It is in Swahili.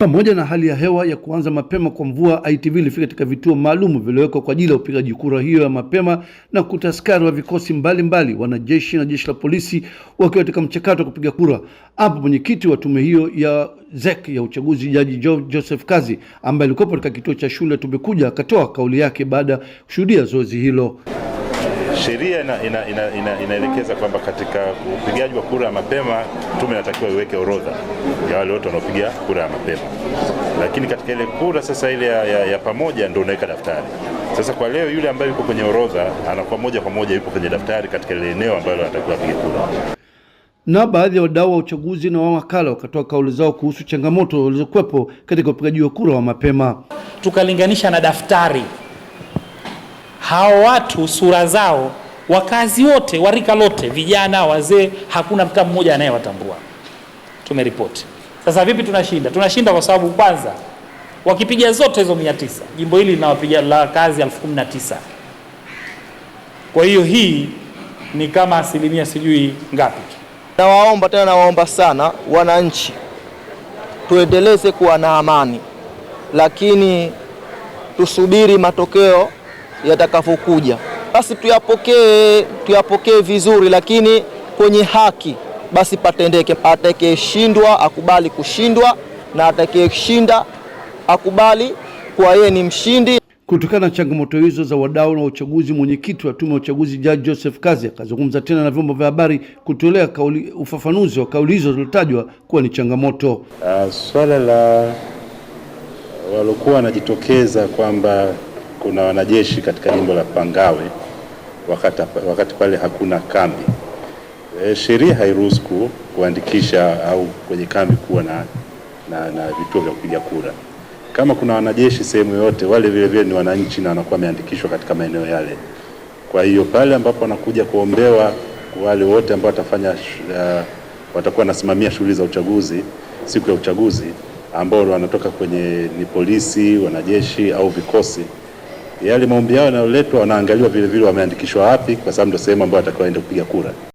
Pamoja na hali ya hewa ya kuanza mapema kwa mvua, ITV ilifika katika vituo maalum vilivyowekwa kwa ajili ya upigaji kura hiyo ya mapema na kukuta askari wa vikosi mbalimbali, wanajeshi na jeshi la polisi wakiwa katika mchakato wa kupiga kura, Hapo mwenyekiti wa tume hiyo ya ZEC ya uchaguzi Jaji jo, Joseph Kazi ambaye alikuwa katika kituo cha shule Tumekuja akatoa kauli yake baada ya kushuhudia zoezi hilo sheria inaelekeza ina, ina, ina kwamba katika upigaji wa kura ya mapema tume inatakiwa iweke orodha ya wale wote wanaopiga kura ya mapema, lakini katika ile kura sasa ile ya, ya, ya pamoja ndio unaweka daftari. Sasa kwa leo yule ambaye yuko kwenye orodha anakuwa moja kwa moja yupo kwenye daftari katika ile eneo ambalo anatakiwa apige kura. Na baadhi ya wadau wa uchaguzi na wawakala wakatoa kauli zao kuhusu changamoto zilizokuwepo katika upigaji wa kura wa mapema, tukalinganisha na daftari hao watu sura zao, wakazi wote wa rika lote, vijana, wazee, hakuna mtu mmoja anayewatambua. Tumeripoti. Sasa vipi tunashinda? Tunashinda kwa sababu kwanza, wakipiga zote hizo mia tisa, jimbo hili linawapiga la kazi elfu kumi na tisa. Kwa hiyo hii ni kama asilimia sijui ngapi. Nawaomba tena, nawaomba sana wananchi, tuendeleze kuwa na amani, lakini tusubiri matokeo yatakavyokuja, basi tuyapokee, tuyapokee vizuri, lakini kwenye haki basi patendeke. Atakayeshindwa akubali kushindwa na atakayeshinda akubali kuwa yeye ni mshindi. Kutokana na changamoto hizo za wadau na uchaguzi, mwenyekiti wa tume ya uchaguzi Jaji Joseph Kazi akazungumza tena na vyombo vya habari kutolea kauli, ufafanuzi wa kauli hizo zilizotajwa kuwa ni changamoto. Uh, swala la walokuwa wanajitokeza kwamba kuna wanajeshi katika jimbo la Pangawe wakati, wakati pale hakuna kambi e, sheria hairuhusu kuandikisha au kwenye kambi kuwa na, na, na vituo vya kupiga kura. Kama kuna wanajeshi sehemu yote wale vile vile ni wananchi na wanakuwa wameandikishwa katika maeneo yale. Kwa hiyo pale ambapo wanakuja kuombewa, wale wote ambao watafanya uh, watakuwa wanasimamia shughuli za uchaguzi siku ya uchaguzi ambao wanatoka kwenye ni polisi, wanajeshi au vikosi yale maombi yao yanayoletwa wanaangaliwa vilevile wameandikishwa wapi, kwa sababu ndio sehemu ambayo atakayoenda kupiga kura.